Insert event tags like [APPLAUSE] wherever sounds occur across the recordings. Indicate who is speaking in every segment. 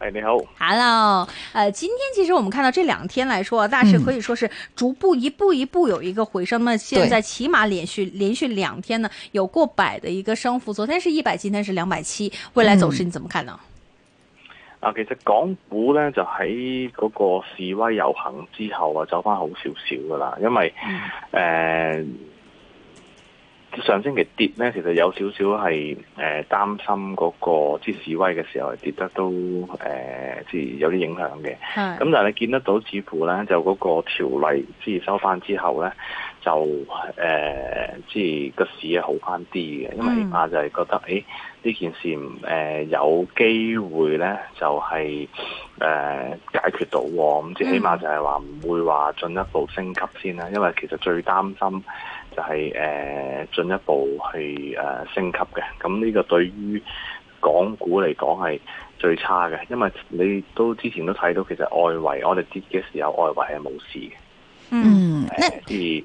Speaker 1: 誒，hey，
Speaker 2: 你好，Hello，誒、呃，今天其實我們看到這兩天來說，嗯、大市可以說是逐步一步一步有一個回升。咁、嗯，現在起碼連續連續兩天呢，有過百的一個升幅。昨天是一百，今天是兩百七。未來走勢你怎麼看呢？
Speaker 1: 嗯、啊，其實港股呢，就喺嗰個示威遊行之後啊，走返好少少㗎喇，因為誒。嗯呃上星期跌咧，其實有少少係誒擔心嗰個即示威嘅時候跌得都誒，即有啲影響嘅。咁但係你見得到似乎咧，就嗰個條例即係收翻之後咧。就誒，即係個市係好翻啲嘅，因為起碼就係覺得，誒呢、mm. 欸、件事誒、呃、有機會咧，就係、是、誒、呃、解決到，咁即、mm. 起碼就係話唔會話進一步升級先啦。因為其實最擔心就係、是、誒、呃、進一步去誒、呃、升級嘅，咁呢個對於港股嚟講係最差嘅，因為你都之前都睇到其實外圍，我哋跌嘅時候外圍係冇事嘅，嗯，即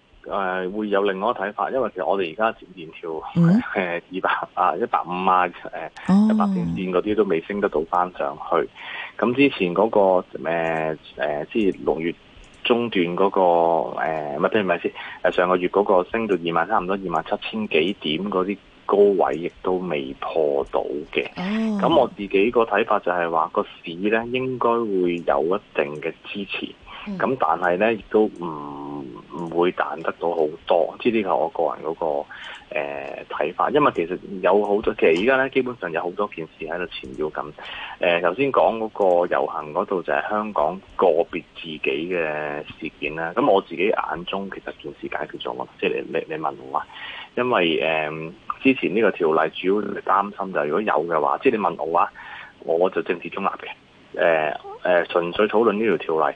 Speaker 1: 誒會有另外一個睇法，因為其實我哋而家連條、嗯、 [LAUGHS] 二百啊一百五啊誒一百線嗰啲都未升得到翻上去。咁之前嗰、嗰個誒、啊、即係六月中段嗰、嗰個誒，唔係唔係先，上個月嗰個升到二萬差唔多二萬七千幾點嗰啲高位，亦都未破到嘅。咁、嗯、我自己個睇法就係話、嗰個市咧應該會有一定嘅支持。咁、嗯、但係咧，亦都唔唔會彈得到好多，即係呢個我個人嗰、那個睇、呃、法。因為其實有好多其實依家咧，基本上有好多件事喺度纏繞緊。誒頭先講嗰個遊行嗰度就係香港個別自己嘅事件啦。咁我自己眼中其實件事解決咗嘛？即、就、係、是、你你你問我啊，因為誒、呃、之前呢個條例主要你擔心就係如果有嘅話，即係你問我話我就政治中立嘅。誒、呃、誒、呃，純粹討論呢條條例。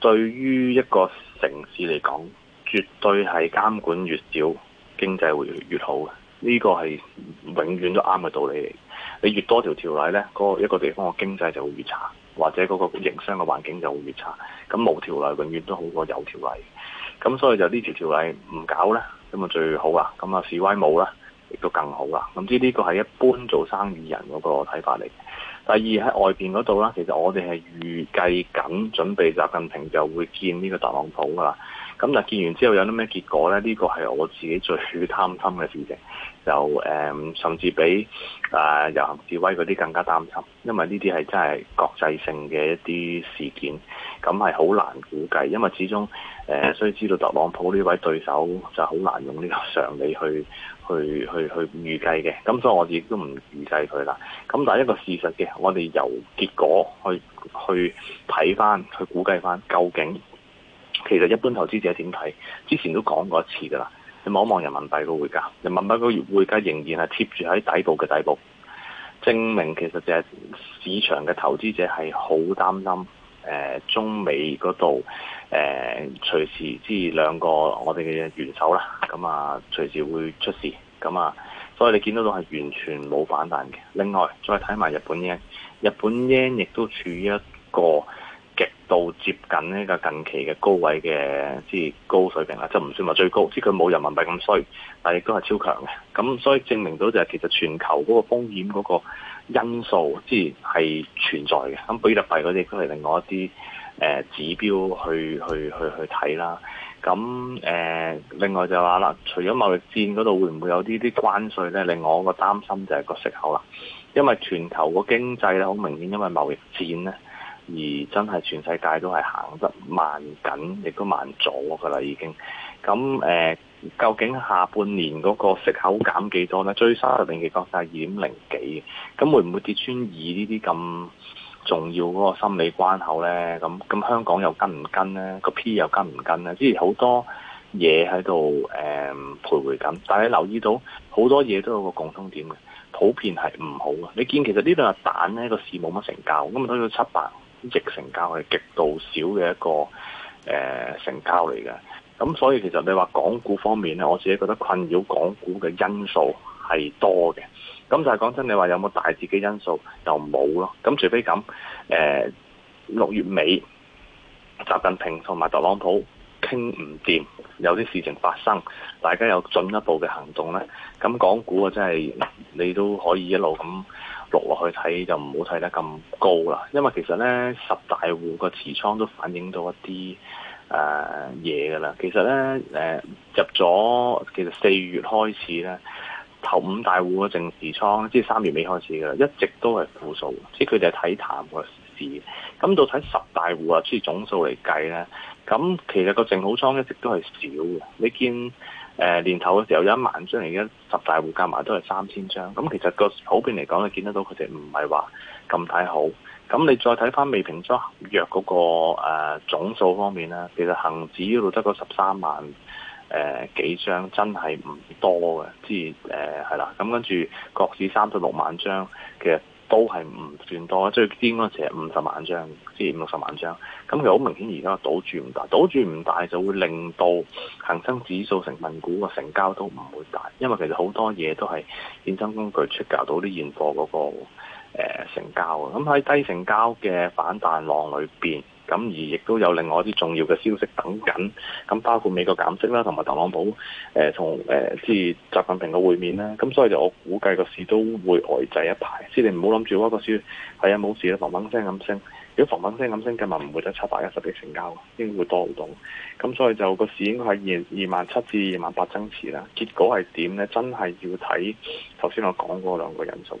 Speaker 1: 對於一個城市嚟講，絕對係監管越少，經濟會越，越好嘅。呢個係永遠都啱嘅道理嚟。你越多條條例呢，嗰個一個地方個經濟就會越差，或者嗰個營商嘅環境就會越差。咁冇條例永遠都好過有條例。咁所以就呢條條例唔搞呢，咁啊最好啦。咁啊示威冇啦，亦都更好啦。咁即呢個係一般做生意人嗰個睇法嚟。第二喺外邊嗰度啦，其實我哋係預計緊準備，習近平就會見呢個特朗普㗎喇。咁嗱，見完之後有啲咩結果呢？呢個係我自己最擔心嘅事情，就誒、呃、甚至比啊遊行示威嗰啲更加擔心，因為呢啲係真係國際性嘅一啲事件，咁係好難估計，因為始終誒、呃，所以知道特朗普呢位對手就好難用呢個常理去去去去預計嘅，咁所以我哋亦都唔預計佢啦。咁但係一個事實嘅，我哋由結果去去睇翻，去估計翻，究竟其實一般投資者點睇？之前都講過一次噶啦，你望一望人民幣個匯價，人民幣個月匯價仍然係貼住喺底部嘅底部，證明其實就係市場嘅投資者係好擔心誒、呃、中美嗰度誒隨時之兩個我哋嘅元首啦，咁啊隨時會出事。咁啊，所以你見到到係完全冇反彈嘅。另外，再睇埋日本 yen，日,日本 yen 亦都處於一個極度接近呢個近期嘅高位嘅即係高水平啦。即係唔算話最高，即係佢冇人民幣咁衰，但係亦都係超強嘅。咁所以證明到就係、是、其實全球嗰個風險嗰個因素之前係存在嘅。咁比特幣嗰啲都係另外一啲誒、呃、指標去去去去睇啦。咁誒、呃，另外就話啦，除咗貿易戰嗰度，會唔會有呢啲關稅咧？另外我個擔心就係個息口啦，因為全球個經濟咧，好明顯因為貿易戰咧，而真係全世界都係行得慢緊，亦都慢咗噶啦已經。咁誒、呃，究竟下半年嗰個息口減幾多咧？追三月定期國債二點零幾，咁會唔會跌穿二呢啲咁？重要嗰個心理關口呢，咁咁香港又跟唔跟呢？個 P 又跟唔跟呢？即係好多嘢喺度誒徘徊緊，但係你留意到好多嘢都有個共通點嘅，普遍係唔好嘅。你見其實呢兩日蛋呢個市冇乜成交，咁咪要七百億成交係極度少嘅一個、呃、成交嚟嘅。咁所以其實你話港股方面呢，我自己覺得困擾港股嘅因素係多嘅。咁就係講真，你話有冇大自己因素，又冇咯。咁除非咁，誒、呃、六月尾習近平同埋特朗普傾唔掂，有啲事情發生，大家有進一步嘅行動呢。咁港股啊，真係你都可以一路咁落落去睇，就唔好睇得咁高啦。因為其實呢，十大戶個持倉都反映到一啲嘢噶啦。其實呢，呃、入咗其實四月開始呢。頭五大戶嘅淨持倉，即係三月尾開始嘅啦，一直都係負數的，即係佢哋係睇淡個市。咁到睇十大戶啊，即係總數嚟計咧，咁其實個淨好倉一直都係少嘅。你見誒、呃、年頭嘅時候有一萬張，而家十大戶加埋都係三千張。咁其實個普遍嚟講，你見得到佢哋唔係話咁睇好。咁你再睇翻未平倉合約嗰個誒、呃、總數方面咧，其實恒指嗰度得個十三萬。誒、呃、幾張真係唔多嘅，即係誒係啦，咁跟住國指三十六萬張，其實都係唔算多，最尖嗰隻五十萬張，即係五十萬張，咁佢好明顯而家倒住唔大，倒住唔大就會令到恒生指數成分股嘅成交都唔會大，因為其實好多嘢都係衍生工具出價到啲現貨嗰、那個、呃、成交啊，咁喺低成交嘅反彈浪裏面。咁而亦都有另外一啲重要嘅消息等緊，咁包括美國減息啦，同埋特朗普誒同誒即係習近平嘅會面啦，咁、嗯、所以就我估計個市都會呆滯一排，即係你唔好諗住嗰個市係啊冇事啦，嘭嘭聲咁升，如果嘭嘭聲咁升，今日唔會得七百一十億成交，應該會多好多，咁所以就個市應該係二二萬七至二萬八爭持啦。結果係點咧？真係要睇頭先我講嗰兩個因素。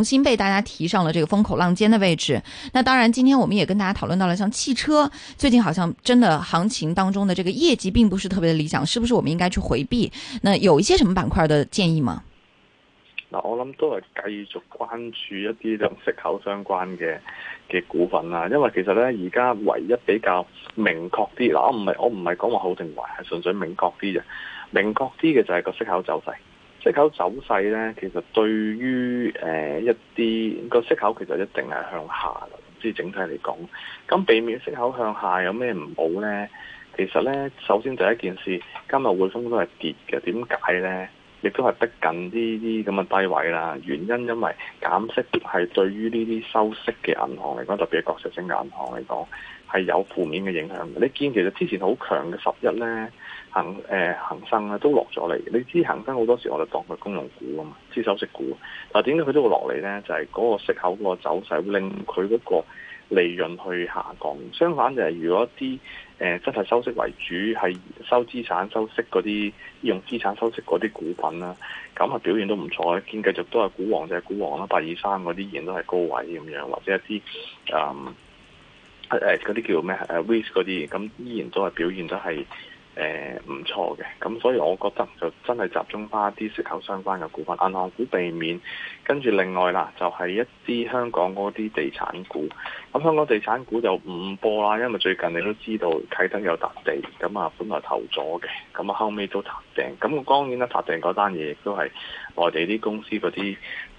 Speaker 2: 重新被大家提上了這個風口浪尖的位置。那當然，今天我們也跟大家討論到了，像汽車最近好像真的行情當中的這個業績並不是特別的理想，是不是我們應該去迴避？那有一些什麼板塊的建議嗎？
Speaker 1: 嗱，我諗都係繼續關注一啲同息口相關嘅嘅股份啦，因為其實呢，而家唯一比較明確啲，嗱，我唔係我唔係講話好定壞，係純粹明確啲嘅，明確啲嘅就係個息口走勢。息口走勢咧，其實對於誒、呃、一啲個息口，其實一定係向下啦。即係整體嚟講，咁避免息口向下有咩唔好咧？其實咧，首先第一件事，今日匯豐都係跌嘅。點解咧？亦都係逼近呢啲咁嘅低位啦。原因因為減息係對於呢啲收息嘅銀行嚟講，特別係國際性的銀行嚟講，係有負面嘅影響嘅，你見其實之前好強嘅十一呢，恒誒、呃、恆生咧都落咗嚟。你知恒生好多時候我哋當佢公用股啊嘛，資收息股。但係點解佢都會落嚟呢？就係、是、嗰個息口個走勢會令佢嗰個利潤去下降。相反就係如果啲誒、呃、真係收息為主，係收資產收息嗰啲用資產收息嗰啲股份啦，咁啊表現都唔錯。見繼續都係股王就係股王啦，八二三嗰啲依然都係高位咁樣，或者一啲誒。嗯誒嗰啲叫咩？誒 w e s e 嗰啲，咁依然都係表現得係誒唔錯嘅，咁所以我覺得就真係集中翻一啲出口相關嘅股份、銀行股避免。跟住另外啦，就係、是、一啲香港嗰啲地產股，咁香港地產股就唔播啦，因為最近你都知道啟德有笪地，咁啊本來投咗嘅，咁啊後尾都撻訂，咁當然啦撻訂嗰單嘢亦都係內地啲公司嗰啲。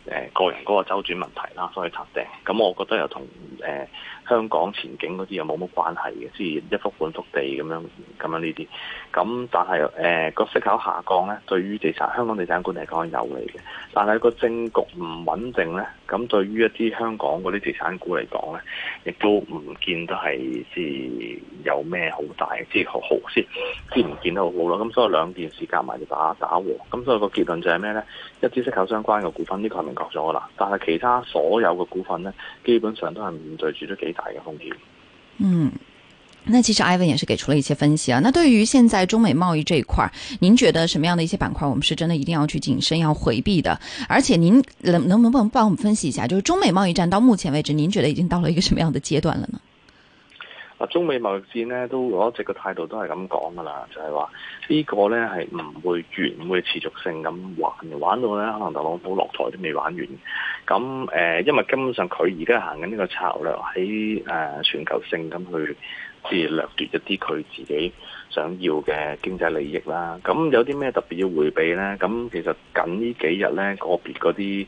Speaker 1: 誒個人嗰個周轉問題啦，所以拆定。咁我覺得又同誒、呃、香港前景嗰啲又冇乜關係嘅，即係一幅本幅地咁樣咁樣呢啲。咁但係誒、呃、那個息口下降咧，對於地產香港地產股嚟講係有利嘅。但係個政局唔穩定咧，咁對於一啲香港嗰啲地產股嚟講咧，亦都唔見得係即係有咩好大，即係好好先，即係唔見得好好咯。咁所以兩件事夾埋就打打和。咁所以個結論就係咩咧？一啲息口相關嘅股份呢、呢個。咗啦，但係其他所有嘅股份呢，基本上都係面對住咗幾大嘅風險。
Speaker 2: 嗯，那其實 Ivan 也是給出了一些分析啊。那對於現在中美貿易這一塊，您覺得什麼樣的一些板塊，我們是真的一定要去謹慎要回避的？而且您能能不能幫我們分析一下，就是中美貿易戰到目前為止，您覺得已經到了一個什麼樣的階段了呢？
Speaker 1: 中美貿易戰咧，都我一直嘅態度都係咁講噶啦，就係話呢個咧係唔會完，會持續性咁玩，玩到咧可能特朗普落台都未玩完。咁誒，因為根本上佢而家行緊呢個策略喺誒全球性咁去即係掠奪一啲佢自己想要嘅經濟利益啦。咁有啲咩特別要回避咧？咁其實近呢幾日咧，個別嗰啲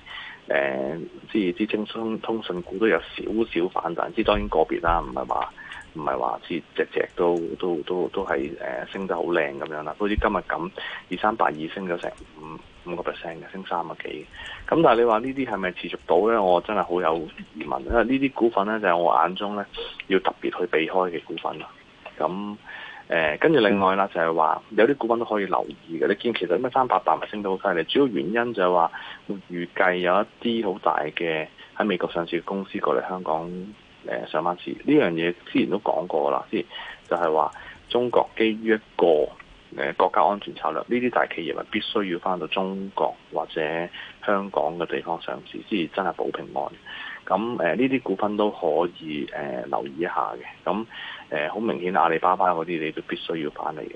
Speaker 1: 誒即係啲清通通訊股都有少少反彈，即係當然個別啦，唔係話。唔係話隻隻都都都都係誒升得好靚咁樣啦，好似今日咁二三八二升咗成五五個 percent 嘅，升三個幾。咁但係你話呢啲係咪持續到咧？我真係好有疑問，因為呢啲股份咧就係、是、我眼中咧要特別去避開嘅股份啦。咁誒，跟、呃、住另外啦、嗯、就係話有啲股份都可以留意嘅。你見其實咩三八八咪升得好犀利，主要原因就係話預計有一啲好大嘅喺美國上市嘅公司過嚟香港。誒上班次呢樣嘢之前都講過啦，即係就係話中國基於一個誒國家安全策略，呢啲大企業係必須要翻到中國或者香港嘅地方上市，先真係保平安。咁誒呢啲股份都可以、呃、留意一下嘅。咁誒好明顯阿里巴巴嗰啲，你都必須要翻嚟嘅。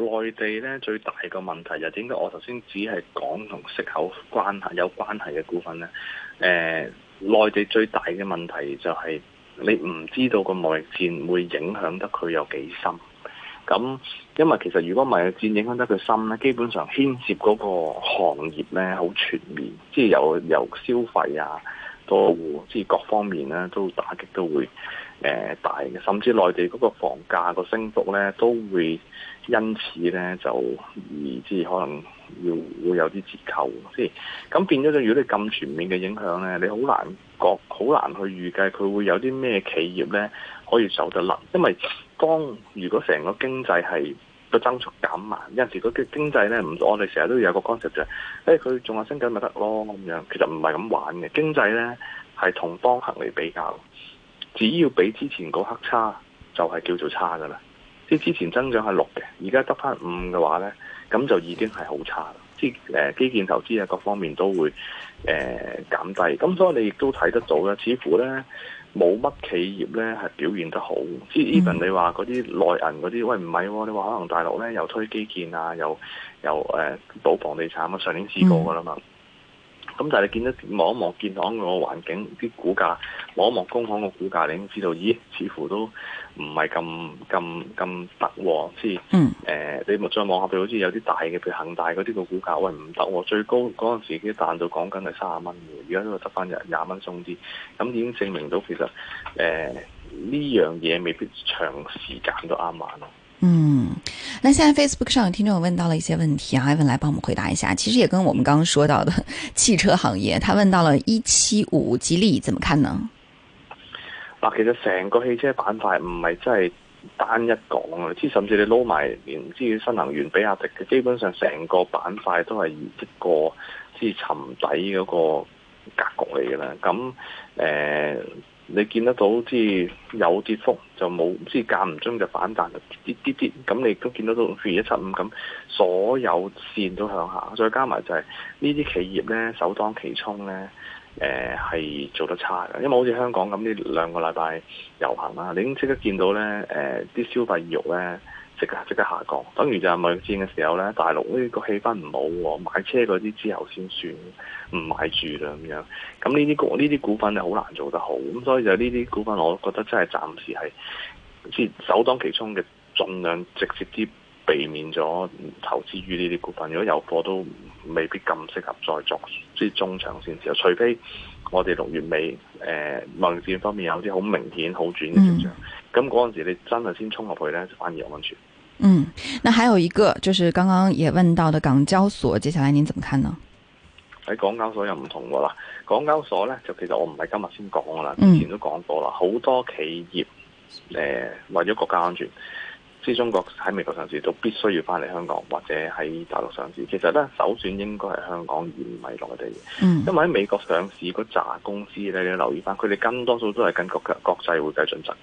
Speaker 1: 內地咧最大個問題就係點解我頭先只係講同息口關係有關係嘅股份咧？誒、呃，內地最大嘅問題就係、是、你唔知道個貿易戰會影響得佢有幾深。咁因為其實如果貿易戰影響得佢深咧，基本上牽涉嗰個行業咧好全面，即係由由消費啊，到即係各方面咧都打擊都會。誒大嘅，甚至內地嗰個房價個升幅咧，都會因此咧就而即係可能要會有啲折扣即係。咁變咗就，如果你咁全面嘅影響咧，你好難覺，好難去預計佢會有啲咩企業咧可以走得甩。因為當如果成個經濟係個增速減慢，有陣時佢個經濟咧唔，我哋成日都要有個干涉就係、是，誒佢仲有升緊咪得咯咁樣。其實唔係咁玩嘅經濟咧，係同當行嚟比較。只要比之前嗰刻差，就係、是、叫做差噶啦。即係之前增長係六嘅，而家得翻五嘅話咧，咁就已經係好差啦。即係誒基建投資啊，各方面都會誒、呃、減低。咁所以你亦都睇得到啦。似乎咧冇乜企業咧係表現得好。嗯、即係 even 你話嗰啲內銀嗰啲，喂唔係喎，你話可能大陸咧又推基建啊，又又誒賭、呃、房地產啊，上年試過噶啦嘛。嗯咁但係你見到，望一望建行個環境，啲股價望一望工行個股價，你已經知道，咦，似乎都唔係咁咁咁得喎，即係誒，你再望下佢，好似有啲大嘅，譬如恒大嗰啲個股價，喂，唔得喎，最高嗰陣時已經彈到講緊係三十蚊嘅，而家都落得翻廿廿蚊鬆啲，咁已經證明到其實誒呢樣嘢未必長時間都啱玩咯。
Speaker 2: 嗯，那現在在 Facebook 上有聽眾問到了一些問題，阿艾文來幫我們回答一下。其實也跟我們剛剛說到的汽車行業，他問到了一七五吉利，怎麼看呢？
Speaker 1: 嗱，其實成個汽車板塊唔係真係單一講嘅，即係甚至你撈埋連之新能源比亞迪，基本上成個板塊都係一個之、就是、沉底嗰個格局嚟嘅啦。咁誒。呃你見得到，即係有跌幅就冇，即係間唔中就反彈，跌跌跌，咁你都見得到二一七五咁，所有線都向下，再加埋就係呢啲企業呢，首當其衝呢係、呃、做得差㗎。因為好似香港咁，呢兩個禮拜遊行啦，你已經即刻見到呢啲、呃、消費意欲呢。即刻即刻下降，等於就係貿易戰嘅時候咧，大陸呢個氣氛唔好喎，買車嗰啲之後先算，唔買住啦咁樣。咁呢啲呢啲股份就好難做得好，咁所以就呢啲股份，我覺得真係暫時係即首當其衝嘅盡量直接啲避免咗投資於呢啲股份。如果有貨都未必咁適合再作即中長線，除非我哋六月尾誒貿易戰方面有啲好明顯好轉嘅現象，咁嗰陣時候你真係先衝落去咧，就反而有安全。
Speaker 2: 嗯，那還有一個就是剛剛也問到的港交所，接下來您怎麼看呢？
Speaker 1: 喺港交所又唔同噶啦，港交所呢，就其實我唔係今日先講噶啦，之前都講過啦，好、嗯、多企業誒為咗國家安全，即中國喺美國上市都必須要翻嚟香港或者喺大陸上市。其實呢首選應該係香港而是的，而唔係內地。嗯，因為喺美國上市嗰扎公司呢，你要留意翻，佢哋更多數都係跟國國際會計準則。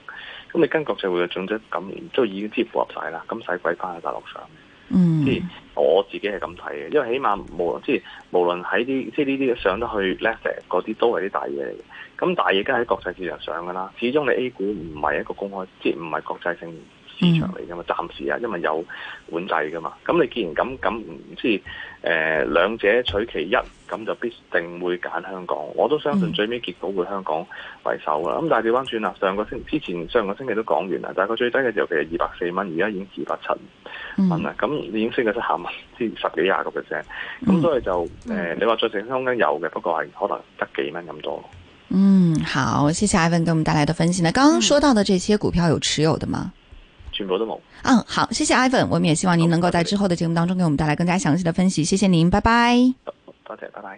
Speaker 1: 咁你跟國際會計準則咁，都已經幾符合晒啦，咁使鬼翻去大陸上？即係、嗯、我自己係咁睇嘅，因為起碼無論，無論即係無論喺啲即係呢啲上得去 list 嗰啲，都係啲大嘢嚟嘅。咁大嘢都喺國際市場上噶啦，始終你 A 股唔係一個公開，即係唔係國際性。市場嚟噶嘛？暫時啊，因為有管制噶嘛。咁你既然咁，咁即係誒，兩、呃、者取其一，咁就必定會揀香港。我都相信最尾結果會香港為首啦。咁、嗯、但係調翻轉啦，上個星之前上個星期都講完啦。但係佢最低嘅時候其實二百四蚊，而家已經二百七蚊啦。咁、嗯、已經升咗七百蚊，即十幾廿個 percent 咁，所以就誒、嗯、呃，你話再升香港有嘅，不過係可能得幾蚊咁多。嗯，
Speaker 2: 好，謝謝阿 Vin 給我們帶來的分析。那剛剛說到的這些股票有持有的嗎？嗯嗯，好，謝謝 Ivan，我們也希望您能夠在之後的節目當中給我們帶來更加詳細的分析，謝謝您，拜拜，哦，
Speaker 1: 謝謝，拜拜。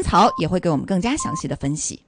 Speaker 2: 曹也會給我們更加詳細的分析。